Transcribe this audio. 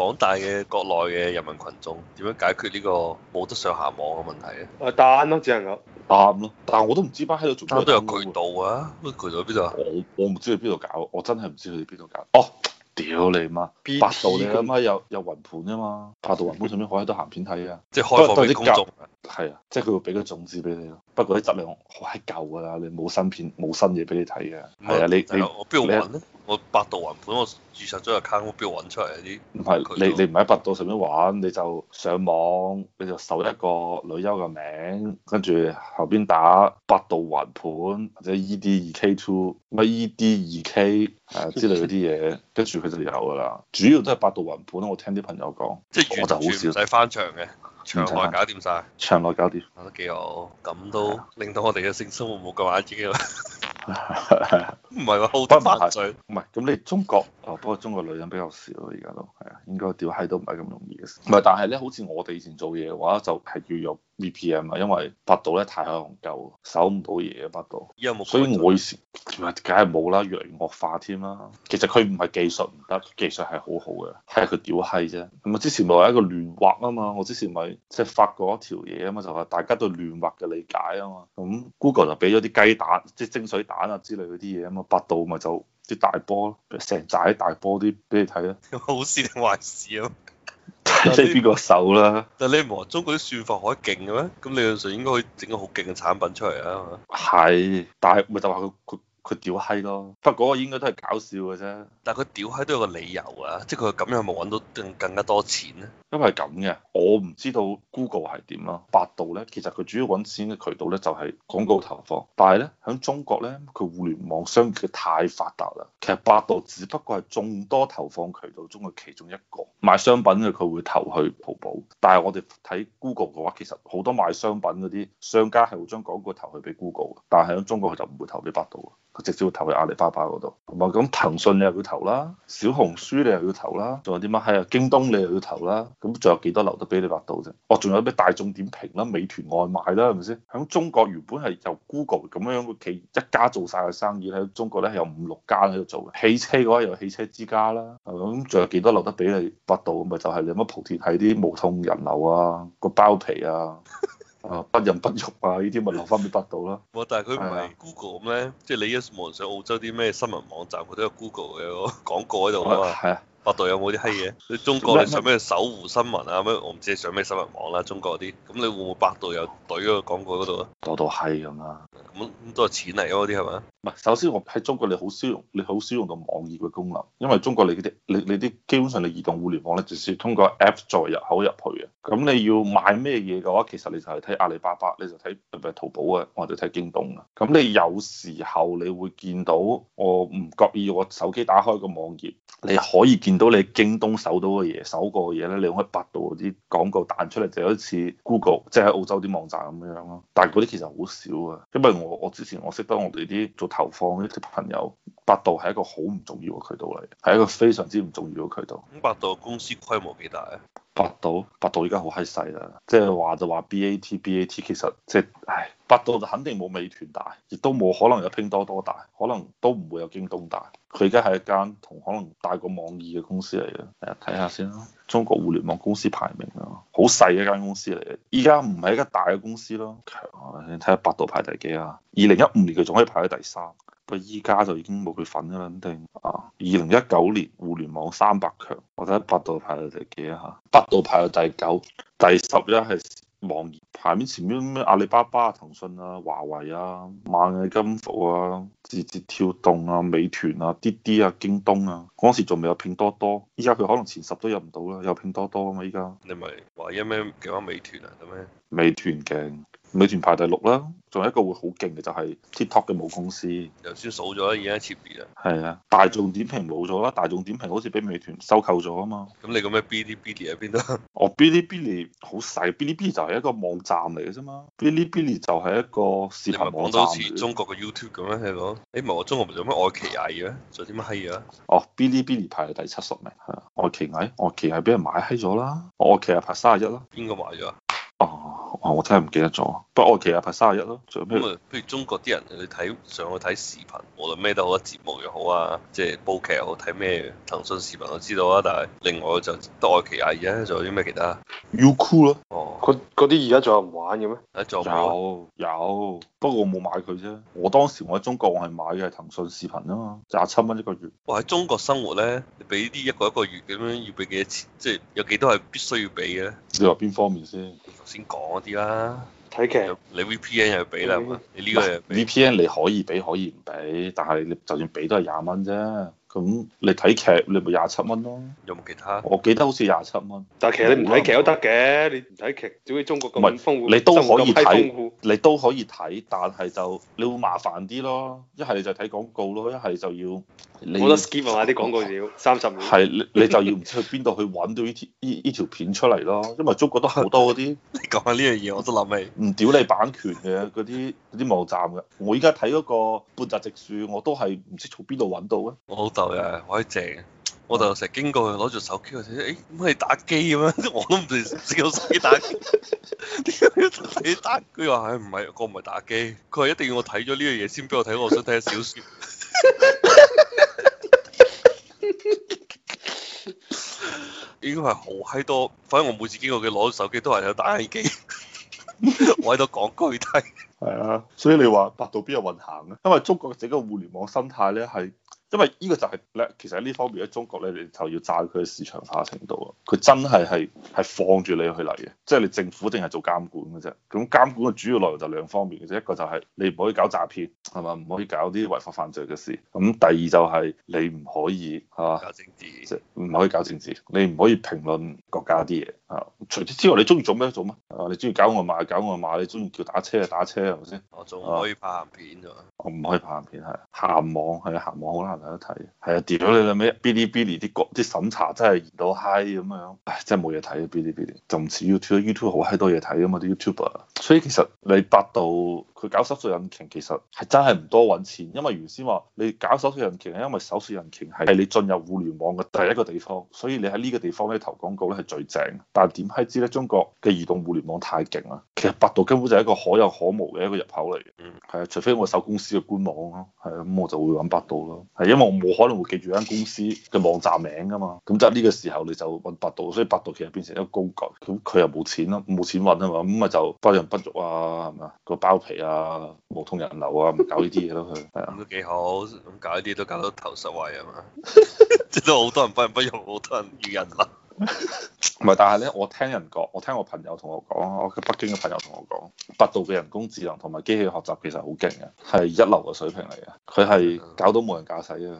廣大嘅國內嘅人民群眾點樣解決呢個冇得上下網嘅問題咧？誒 d 咯，只能咁答 o w 咯。但係我都唔知班喺度做咩。但都有渠道啊。咩渠道？邊度啊？我我唔知佢邊度搞，我真係唔知佢哋邊度搞。哦，屌你媽！百度你咁媽有有雲盤啊嘛？百度雲盤上面可以得鹹片睇啊。即係開放啲工作。係啊，即係佢會俾個種子俾你咯。不過啲質量好閪舊噶啦，你冇新片，冇新嘢俾你睇嘅。係啊，你你我度咧？我百度雲盤我注冊咗個 account 搵出嚟啲。唔係是都，你你唔喺百度上邊玩，你就上網，你就搜一個女優嘅名，跟住後邊打百度雲盤或者 ED2K2 乜 ED2K 啊之類嗰啲嘢，跟住佢就有噶啦。主要都係百度雲盤，我聽啲朋友講，即係我就好少使翻牆嘅，場內搞掂晒，場內搞掂，我覺得幾好。咁都令到我哋嘅性生活冇咁壓抑咯。 唔係喎，好得百歲。唔係咁，你中國哦，不過中國女人比較少，而家都係啊，應該屌閪都唔係咁容易嘅事。唔係，但係咧，好似我哋以前做嘢嘅話，就係、是、要有 VPN 啊，因為百度咧太可能夠，搜唔到嘢啊，百度。所以我以前唔係，梗係冇啦，越嚟越惡化添啦。其實佢唔係技術唔得，技術係好好嘅，係佢屌閪啫。咁啊，之前咪話一個亂畫啊嘛，我之前咪即係發過一條嘢啊嘛，就話、是、大家對亂畫嘅理解啊嘛。咁 Google 就俾咗啲雞蛋，即係蒸水蛋啊之類嗰啲嘢啊嘛。百度咪就啲大波咯，成寨大波啲俾你睇咯。 好事定壞事咯，即係邊個手啦。但你唔話中國啲算法好勁嘅咩？咁理論上應該可以整個好勁嘅產品出嚟啊係嘛。係，但係咪就話佢佢？佢屌閪咯，不過嗰個應該都係搞笑嘅啫。但係佢屌閪都有個理由啊，即係佢咁樣冇揾到更更加多錢咧。因為係咁嘅，我唔知道 Google 係點咯。百度咧，其實佢主要揾錢嘅渠道咧就係廣告投放，但係咧喺中國咧，佢互聯網商業太發達啦。其實百度只不過係眾多投放渠道中嘅其中一個。賣商品嘅佢會投去淘寶，但係我哋睇 Google 嘅話，其實好多賣商品嗰啲商家係會將廣告投去俾 Google，但係喺中國佢就唔會投俾百度。佢直接會投去阿里巴巴嗰度，同埋咁騰訊你又要投啦，小紅書你又要投啦，仲有啲乜係啊？京東你又要投啦，咁仲有幾多留得俾你百度啫？哦，仲有咩大眾點評啦、美團外賣啦，係咪先？喺中國原本係由 Google 咁樣嘅企一家做晒嘅生意，喺中國咧係有五六間喺度做嘅。汽車嘅話有汽車之家啦，咁仲有幾多留得俾你百度？咪就係你乜莆田係啲無痛人流啊，個包皮啊？ 啊，不孕不育啊！依啲咪留翻俾百度啦。哇、哦！但係佢唔係 Google 咁咧，是啊、即你一望上澳洲啲咩新聞網站，佢都有 Google 嘅廣告喺度啊。係啊。百度有冇啲閪嘢？你中國你上咩搜狐新聞啊？咩麼我唔知你上咩新聞網啦、啊。中國嗰啲，咁你會唔會百度有懟嗰個廣告嗰度啊？多到閪咁啦。咁咁多錢嚟嗰啲係咪？唔係，首先我喺中國你好少用，你好少用到網頁嘅功能，因為中國你嗰啲你你啲基本上你移動互聯網咧，直、就、接、是、通過 App 在入口入去嘅。咁你要買咩嘢嘅話，其實你就係睇阿里巴巴，你就睇唔係淘寶啊，或者睇京東啊。咁你有時候你會見到我唔覺意我手機打開個網頁，你可以見。見到你京東搜到嘅嘢，搜過嘅嘢咧，你用開百度嗰啲廣告彈出嚟，就好似 Google，即係喺澳洲啲網站咁樣咯。但係嗰啲其實好少啊，因為我我之前我識得我哋啲做投放嗰啲朋友，百度係一個好唔重要嘅渠道嚟，係一個非常之唔重要嘅渠道。咁百度公司規模幾大啊？百度，百度而家好閪細啦，即係話就話 B A T B A T，其實即係，唉，百度就肯定冇美團大，亦都冇可能有拼多多大，可能都唔會有京東大，佢而家係一間同可能大過網易嘅公司嚟嘅，睇下先啦，中國互聯網公司排名啊，好細一間公司嚟嘅，依家唔係一間大嘅公司咯，強，你睇下百度排第幾啊？二零一五年佢仲可以排喺第三。佢依家就已經冇佢份啦，肯、嗯、定。啊，二零一九年互聯網三百強，或者百度排到第幾啊？嚇，百度排到第九、第十一，係網頁排名前面咩？阿里巴巴啊、騰訊啊、華為啊、螞蟻金服啊、字節跳動啊、美團啊、滴滴啊、京東啊，嗰時仲未有拼多多。依家佢可能前十都入唔到啦，有拼多多啊嘛！依家你咪話一咩幾多美團啊？咁樣。美團勁。美團排第六啦，仲有一個會好勁嘅就係、是、TikTok 嘅母公司。頭先數咗已經一次嘞係啊，大眾點評冇咗啦，大眾點評好似俾美團收購咗啊嘛。咁你講咩 Bilibili 喺邊度？哦，Bilibili 好細，Bilibili 就係一個網站嚟嘅啫嘛。Bilibili 就係一個視頻網站，好似中國嘅 YouTube 咁樣。你講，誒、哎，唔係我中國唔係有咩愛奇藝嘅仲有啲乜閪啊？哦、啊 oh,，Bilibili 排喺第七十名。愛奇藝，愛奇藝俾人買閪咗啦，愛奇藝排三十一啦。邊個買咗啊？我真係唔記得咗，不過愛奇藝啊排卅一咯。仲有咩？譬如中國啲人你睇上去睇視頻，無論咩都多好，節目又好啊，即煲劇又好，睇咩，騰訊視頻我知道啊。但係另外就多愛奇藝而家仲有啲咩其他？Youku 咯，you cool? 哦，嗰啲而家仲有人玩嘅咩？仲有有，有，有，不過我冇買佢啫。我當時我喺中國，我係買嘅係騰訊視頻啊嘛，廿七蚊一個月。我喺中國生活咧，俾啲一個一個月咁樣要俾幾多錢？即係有幾多係必須要俾嘅咧？你話邊方面先？頭先講嗰啲啊。啊！睇劇你 VPN 又要俾啦嘛？你呢個不 VPN 你可以俾，可以唔俾，但係你就算俾都係廿蚊啫。咁你睇劇你咪廿七蚊咯。有冇其他？我記得好似廿七蚊。但其實你唔睇劇都得嘅，你唔睇劇，屌你中國咁豐富，你都可以睇，你都可以睇，但係就你會麻煩啲咯。一係就睇廣告咯，一係就要。冇你得 skip 啊！啲廣告要三十秒。係你 你就要唔知去邊度去揾到呢條呢呢條片出嚟咯，因為中國都好多嗰啲。講下呢樣嘢，我都諗起唔屌你版權嘅嗰啲啲網站嘅，我依家睇嗰個半澤直樹，我都係唔知從邊度揾到啊！我老豆又我係正。我就成日經過佢攞住手機，佢睇睇，誒咁係打機咁樣，我都唔明識唔識到手機打機。你打，佢話：，唉，唔係，哥唔係打機。佢話一定要我睇咗呢樣嘢先俾我睇，我想睇下小説。應該係好閪多，反正我每次見過佢攞手機都係有打機， 我喺度講具體。係啊，所以你話百度邊有運行啊？因為中國整個互聯網生態咧係。因為呢個就係咧，其實呢方面喺中國咧，你就要讚佢嘅市場化程度啊。佢真係係係放住你去嚟嘅，即係你政府淨係做監管嘅啫。咁監管嘅主要內容就兩方面嘅啫，一個就係你唔可以搞詐騙，係嘛，唔可以搞啲違法犯罪嘅事。咁第二就係你唔可以係嘛，唔可以搞政治，你唔可以評論國家啲嘢啊。除此之外，你中意做咩做咩？啊，你中意搞外賣，搞外賣；你中意叫打車，就打車，係咪先？我仲可以拍鹹片啫、啊、我唔可以拍鹹片，係鹹網係鹹網好難睇得睇，係啊！屌你老尾，嗶哩嗶哩啲國啲審查真係熱到嗨！咁樣，唉，真係冇嘢睇啊！嗶哩嗶哩就唔似 YouTube，YouTube 好閪多嘢睇噶嘛，啲 YouTuber 啊！所以其實你百度。佢搞搜索引擎其實係真係唔多揾錢，因為原先話你搞搜索引擎係因為搜索引擎係你進入互聯網嘅第一個地方，所以你喺呢個地方咧投廣告咧係最正。但係點解知呢，中國嘅移動互聯網太勁啦，其實百度根本就係一個可有可無嘅一個入口嚟嘅，係啊，除非我搜公司嘅官網咯，係啊，咁我就會揾百度咯。係、啊、因為我冇可能會記住一間公司嘅網站名㗎嘛，咁即係呢個時候你就揾百度，所以百度其實變成一個高價，咁佢又冇錢咯，冇錢揾啊嘛，咁咪就不仁不義啊，係咪啊個包皮啊？啊，冇通人流啊，唔搞呢啲嘢咯，佢係啊，咁都幾好，咁搞呢啲都搞到頭十位啊嘛，即都好多人不人不入，好多人要人啦。唔係， 但係咧，我聽人講，我聽我朋友同我講，我北京嘅朋友同我講，百度嘅人工智能同埋機器學習其實好勁嘅，係一流嘅水平嚟嘅，佢係搞到冇人駕駛嘅佢。